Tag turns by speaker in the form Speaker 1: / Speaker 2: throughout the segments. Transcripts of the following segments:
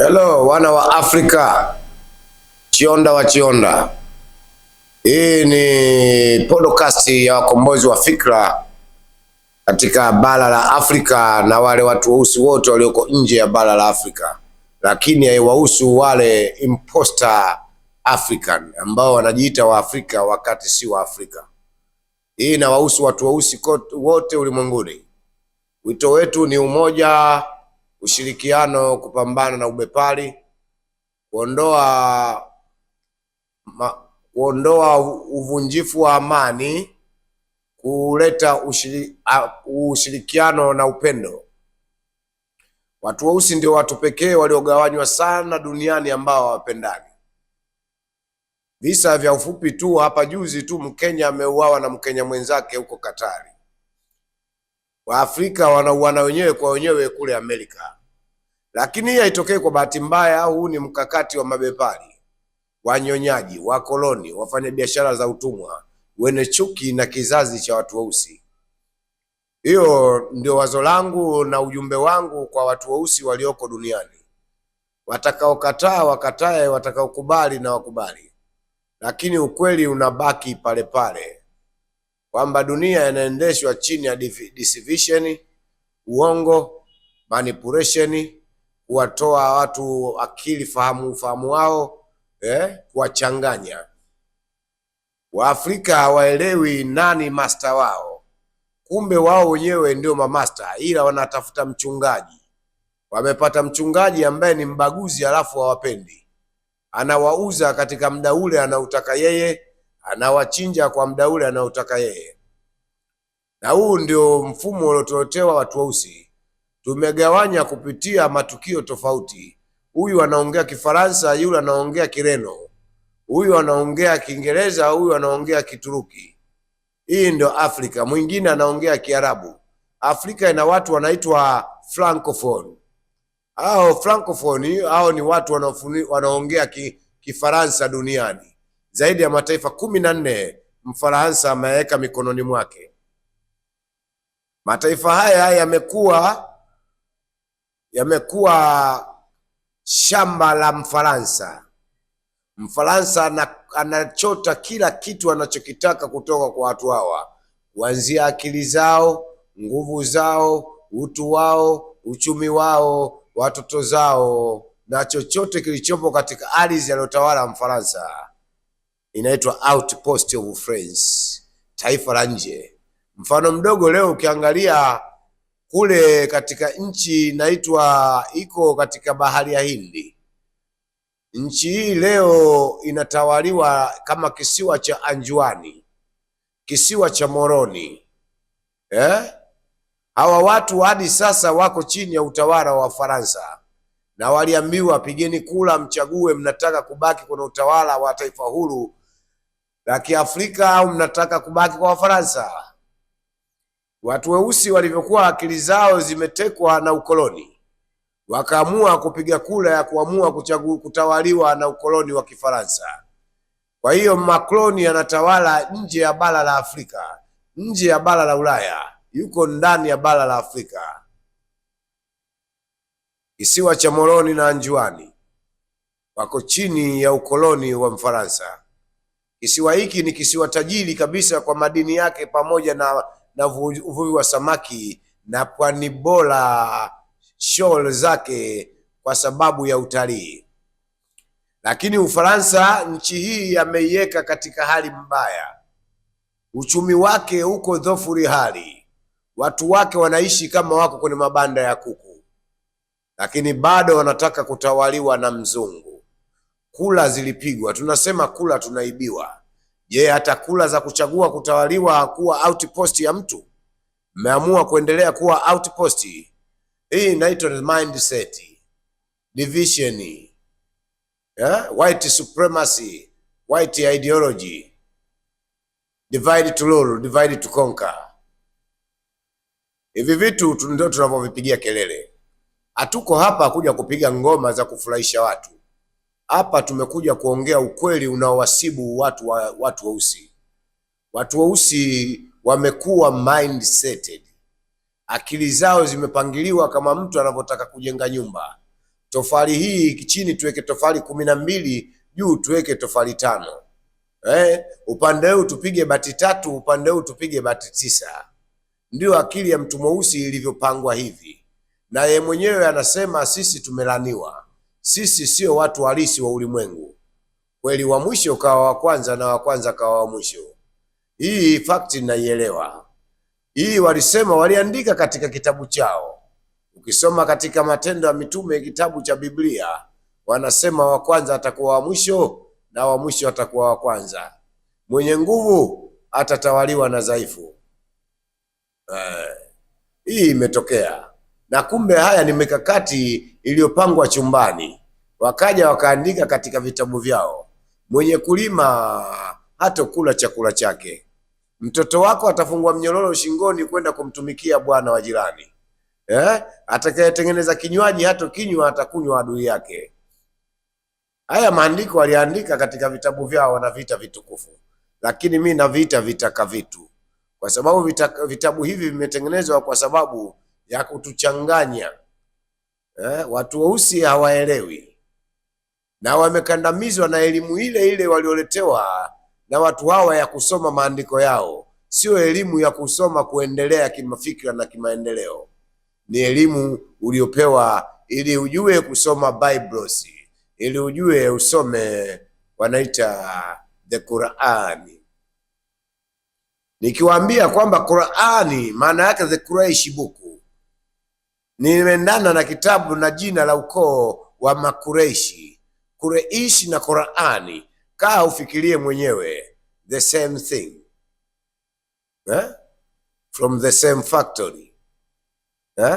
Speaker 1: Hello wana wa Afrika, Chionda wa Chionda, hii ni podcast ya wakombozi wa fikra katika bara la Afrika na wale watu weusi wote walioko nje ya bara la Afrika, lakini haiwahusu wale imposter African ambao wanajiita Waafrika wakati si Waafrika. Hii inawahusu watu weusi wote ulimwenguni. Wito wetu ni umoja ushirikiano kupambana na ubepari, kuondoa ma, kuondoa uvunjifu wa amani, kuleta ushiri, uh, ushirikiano na upendo. Watu weusi ndio watu pekee waliogawanywa sana duniani ambao hawapendani. Visa vya ufupi tu hapa juzi tu, Mkenya ameuawa na Mkenya mwenzake huko Katari. Waafrika wanauana wenyewe kwa wenyewe kule Amerika, lakini hii haitokei kwa bahati mbaya. Huu ni mkakati wa mabepari, wanyonyaji, wakoloni, wafanyabiashara za utumwa wenye chuki na kizazi cha watu weusi. Hiyo ndio wazo langu na ujumbe wangu kwa watu weusi walioko duniani. Watakaokataa wakatae, watakaokubali na wakubali, lakini ukweli unabaki palepale pale kwamba dunia inaendeshwa chini ya division, uongo, manipulation, kuwatoa watu akili fahamu fahamu wao eh, kuwachanganya Waafrika hawaelewi nani master wao. Kumbe wao wenyewe ndio mamasta, ila wanatafuta mchungaji. Wamepata mchungaji ambaye ni mbaguzi, halafu hawapendi, anawauza katika muda ule anautaka yeye anawachinja kwa muda ule anaotaka yeye. Na huu ndio mfumo uliotolewa watu weusi, tumegawanya kupitia matukio tofauti. Huyu anaongea Kifaransa, yule anaongea Kireno, huyu anaongea Kiingereza, huyu anaongea Kituruki. Hii ndio Afrika. Mwingine anaongea Kiarabu. Afrika ina watu wanaitwa francophone. Hao francophone hao ni watu wanaongea Kifaransa duniani zaidi ya mataifa kumi na nne Mfaransa ameweka mikononi mwake. Mataifa haya yamekuwa yamekuwa shamba la Mfaransa. Mfaransa anachota kila kitu anachokitaka kutoka kwa watu hawa, kuanzia akili zao, nguvu zao, utu wao, uchumi wao, watoto zao na chochote kilichopo katika ardhi aliyotawala Mfaransa inaitwa outpost of France, taifa la nje. Mfano mdogo leo ukiangalia kule katika nchi inaitwa iko katika bahari ya Hindi. Nchi hii leo inatawaliwa kama kisiwa cha Anjuani, kisiwa cha Moroni eh? Hawa watu hadi sasa wako chini ya utawala wa faransa na waliambiwa, pigeni kula, mchague mnataka kubaki kwenye utawala wa taifa huru la Kiafrika au mnataka kubaki kwa Wafaransa? Watu weusi walivyokuwa akili zao zimetekwa na ukoloni, wakaamua kupiga kura ya kuamua kuchagu, kutawaliwa na ukoloni wa Kifaransa. Kwa hiyo Macron anatawala nje ya bara la Afrika, nje ya bara la Ulaya, yuko ndani ya bara la Afrika, kisiwa cha Moroni na Anjuani wako chini ya ukoloni wa Mfaransa. Kisiwa hiki ni kisiwa tajiri kabisa kwa madini yake pamoja na, na uvuvi wa samaki na pwani bora shoal zake kwa sababu ya utalii. Lakini Ufaransa nchi hii ameiweka katika hali mbaya, uchumi wake uko dhofuri hali, watu wake wanaishi kama wako kwenye mabanda ya kuku, lakini bado wanataka kutawaliwa na mzungu. Kula zilipigwa, tunasema kula tunaibiwa. Je, hata kula za kuchagua kutawaliwa kuwa outpost ya mtu? Mmeamua kuendelea kuwa outpost. Hii inaitwa mindset division, yeah? white supremacy, white ideology, divide to rule, divide to conquer. Hivi vitu ndio tunavyovipigia kelele. Hatuko hapa kuja kupiga ngoma za kufurahisha watu. Hapa tumekuja kuongea ukweli unaowasibu watu wa, watu weusi. Watu weusi wamekuwa mindseted, akili zao zimepangiliwa kama mtu anavyotaka kujenga nyumba. Tofali hii chini tuweke tofali kumi na mbili, juu tuweke tofali tano. Eh, upande huu tupige bati tatu, upande huu tupige bati tisa. Ndiyo akili ya mtu mweusi ilivyopangwa hivi, na yeye mwenyewe anasema sisi tumelaniwa sisi sio watu halisi wa ulimwengu. Kweli wa mwisho kawa wa kwanza na wa kwanza kawa wa mwisho. Hii fakti ninaielewa. Hii walisema, waliandika katika kitabu chao. Ukisoma katika Matendo ya Mitume, kitabu cha Biblia, wanasema wa kwanza atakuwa wa mwisho na wa mwisho atakuwa wa kwanza. Mwenye nguvu atatawaliwa na dhaifu. Eh, hii imetokea na kumbe haya ni mikakati iliyopangwa chumbani, wakaja wakaandika katika vitabu vyao, mwenye kulima hatokula chakula chake, mtoto wako atafungwa mnyororo shingoni kwenda kumtumikia bwana wa jirani eh? Atakayetengeneza kinywaji hato kinywa, atakunywa adui yake. Haya maandiko waliandika katika vitabu vyao, wanaviita vitukufu, lakini mi naviita vitaka vitu, kwa sababu vitabu hivi vimetengenezwa kwa sababu ya kutuchanganya eh, watu weusi hawaelewi na wamekandamizwa na elimu ile ile walioletewa na watu hawa ya kusoma maandiko yao, sio elimu ya kusoma kuendelea kimafikira na kimaendeleo. Ni elimu uliopewa ili ujue kusoma Biblos, ili ujue usome wanaita the Qurani. Nikiwaambia kwamba Qurani maana yake the Quraysh buku Nimeendana na kitabu na jina la ukoo wa Makureishi, Kureishi na Qurani. Kaa ufikirie mwenyewe, the same thing eh? from the same factory eh?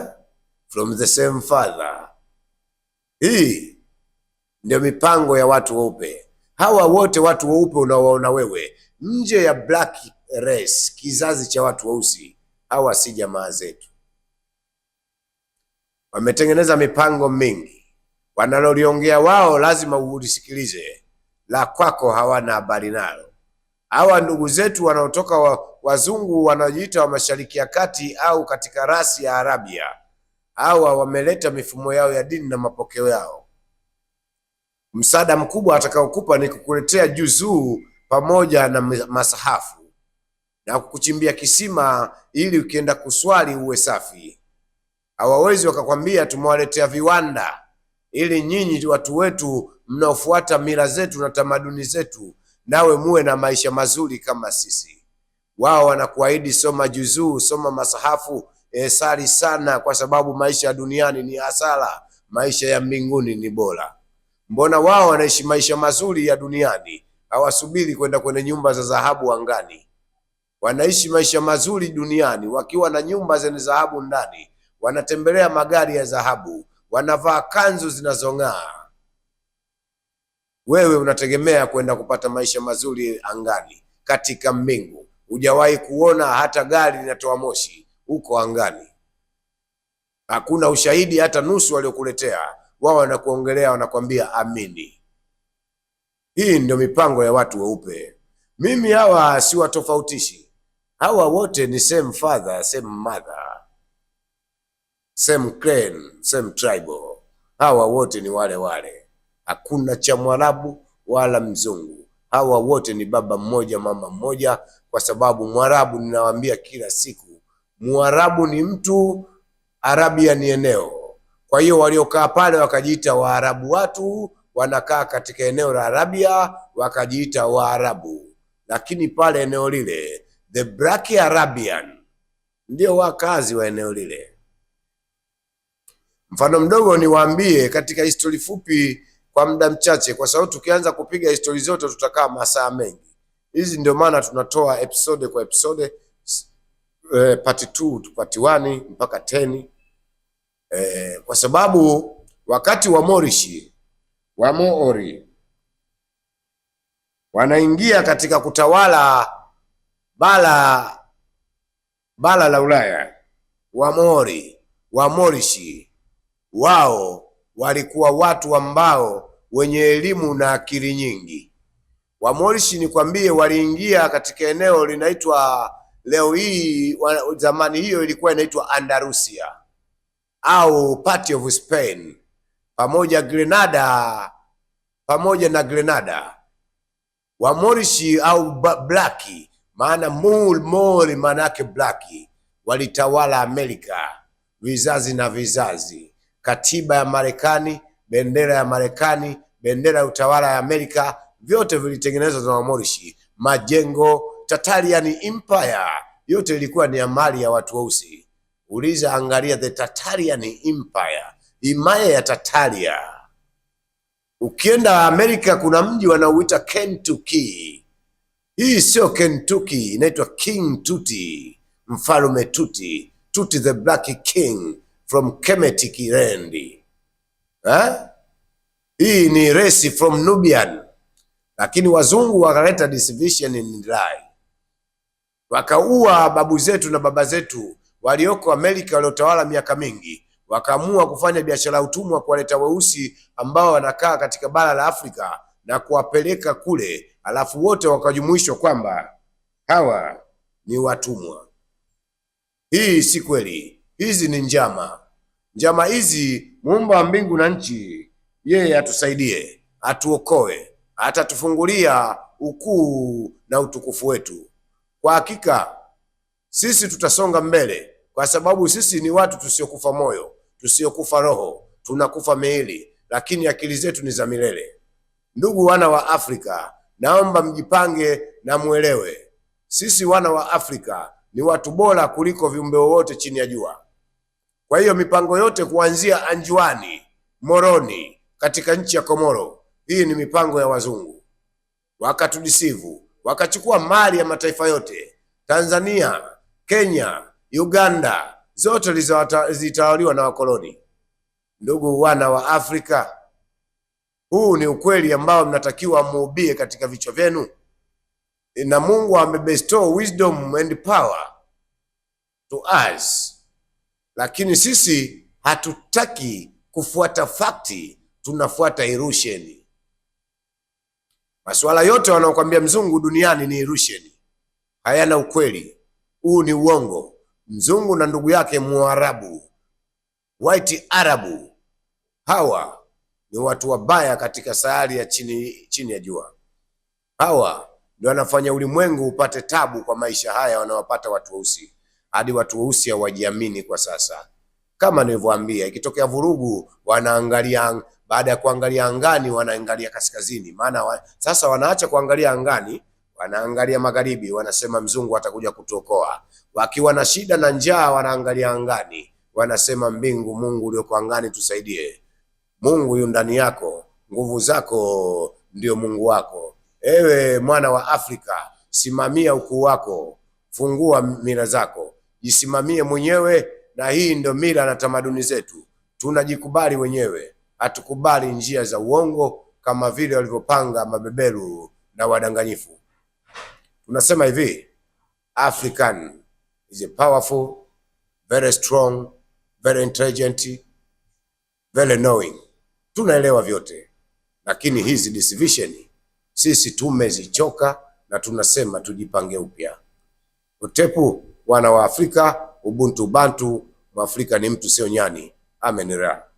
Speaker 1: from the same father. Hii ndio mipango ya watu weupe. Hawa wote watu weupe unawaona wewe nje ya black race, kizazi cha watu weusi, hawa si jamaa zetu. Wametengeneza mipango mingi, wanaloliongea wao lazima ulisikilize, la kwako hawana habari nalo. Hawa ndugu zetu wanaotoka wa, wazungu wanaojiita wa mashariki ya kati au katika rasi ya Arabia, hawa wameleta mifumo yao ya dini na mapokeo yao. Msaada mkubwa atakaokupa ni kukuletea juzuu pamoja na masahafu na kukuchimbia kisima ili ukienda kuswali uwe safi hawawezi wakakwambia tumewaletea viwanda ili nyinyi watu wetu mnaofuata mila zetu na tamaduni zetu, nawe muwe na maisha mazuri kama sisi. Wao wanakuahidi soma juzuu, soma masahafu, e, sali sana, kwa sababu maisha ya duniani ni hasara, maisha ya mbinguni ni bora. Mbona wao wanaishi maisha mazuri ya duniani, hawasubiri kwenda kwenye nyumba za dhahabu angani? Wanaishi maisha mazuri duniani wakiwa na nyumba zenye dhahabu ndani, wanatembelea magari ya dhahabu, wanavaa kanzu zinazong'aa. Wewe unategemea kwenda kupata maisha mazuri angani, katika mbingu. Hujawahi kuona hata gari linatoa moshi huko angani, hakuna ushahidi hata nusu waliokuletea wao. Wanakuongelea, wanakwambia amini. Hii ndio mipango ya watu weupe. Mimi hawa siwatofautishi, hawa wote ni same father, same mother same clan, same tribal. Hawa wote ni wale wale, hakuna cha Mwarabu wala mzungu. Hawa wote ni baba mmoja mama mmoja, kwa sababu Mwarabu, ninawaambia kila siku, Mwarabu ni mtu, Arabia ni eneo. Kwa hiyo waliokaa pale wakajiita Waarabu, watu wanakaa katika eneo la Arabia wakajiita Waarabu, lakini pale eneo lile the black Arabian ndio wakazi wa eneo lile. Mfano mdogo niwaambie, katika histori fupi kwa muda mchache, kwa sababu tukianza kupiga histori zote tutakaa masaa mengi. Hizi ndio maana tunatoa episode kwa episode, eh, part 2 to part 1 mpaka 10 eh, kwa sababu wakati wa Morishi wa Moori wanaingia katika kutawala bala bala la Ulaya, wa Moori Wamoori Wamorishi wao walikuwa watu ambao wenye elimu na akili nyingi. Wamorishi, nikwambie, waliingia katika eneo linaitwa leo hii, zamani hiyo ilikuwa inaitwa Andalusia au part of Spain pamoja Grenada, pamoja na Grenada. Wamorishi au blaki, maana mul mori, maana yake blaki, walitawala Amerika vizazi na vizazi katiba ya Marekani, bendera ya Marekani, bendera ya utawala ya Amerika, vyote vilitengenezwa na Wamorishi. Majengo Tatarian Empire yote ilikuwa ni amali ya watu weusi. Uliza, angalia the Tatarian Empire, himaya ya Tataria. Ukienda Amerika kuna mji wanaouita Kentucky. Hii sio Kentucky, inaitwa King Tuti, mfalume Tuti, Tuti the Black King from Kemeti Kirendi ha? Eh? Hii ni resi from Nubian, lakini wazungu wakaleta division in rai, wakaua babu zetu na baba zetu walioko Amerika waliotawala miaka mingi, wakaamua kufanya biashara ya utumwa, kuwaleta weusi ambao wanakaa katika bara la Afrika na kuwapeleka kule, alafu wote wakajumuishwa kwamba hawa ni watumwa. Hii si kweli, hizi ni njama. Njama hizi muumba wa mbingu na nchi, yeye atusaidie, atuokoe, atatufungulia ukuu na utukufu wetu. Kwa hakika sisi tutasonga mbele, kwa sababu sisi ni watu tusiokufa moyo, tusiokufa roho, tunakufa miili, lakini akili zetu ni za milele. Ndugu wana wa Afrika, naomba mjipange na mwelewe, sisi wana wa Afrika ni watu bora kuliko viumbe wowote chini ya jua. Kwa hiyo mipango yote kuanzia Anjuani, Moroni katika nchi ya Komoro, hii ni mipango ya wazungu. Wakatudisivu, wakachukua mali ya mataifa yote. Tanzania, Kenya, Uganda zote zilitawaliwa na wakoloni. Ndugu wana wa Afrika, huu ni ukweli ambao mnatakiwa muubie katika vichwa vyenu, na Mungu amebestow wisdom and power to us lakini sisi hatutaki kufuata fakti, tunafuata irusheni. Masuala yote wanaokwambia mzungu duniani ni irusheni, hayana ukweli. Huu ni uongo. Mzungu na ndugu yake Mwarabu, white Arabu, hawa ni watu wabaya katika sayari ya chini, chini ya jua. Hawa ndio wanafanya ulimwengu upate tabu kwa maisha haya wanawapata watu weusi hadi watu weusi hawajiamini kwa sasa. Kama nilivyowaambia, ikitokea vurugu wanaangalia, baada ya kuangalia angani wanaangalia kaskazini, maana wa, sasa wanaacha kuangalia angani wanaangalia magharibi, wanasema mzungu atakuja kutuokoa. Wakiwa na shida na njaa wanaangalia angani, wanasema mbingu, Mungu ulioko angani tusaidie. Mungu yu ndani yako, nguvu zako ndio Mungu wako. Ewe mwana wa Afrika, simamia ukuu wako, fungua mira zako jisimamie mwenyewe, na hii ndio mila na tamaduni zetu. Tunajikubali wenyewe, hatukubali njia za uongo kama vile walivyopanga mabeberu na wadanganyifu. Tunasema hivi, African is a powerful, very strong, very intelligent, very knowing. Tunaelewa vyote, lakini hizi decision sisi tumezichoka na tunasema tujipange upya. Utepu wana wa Afrika, ubuntu bantu, Mwafrika ni mtu sio nyani. Amen.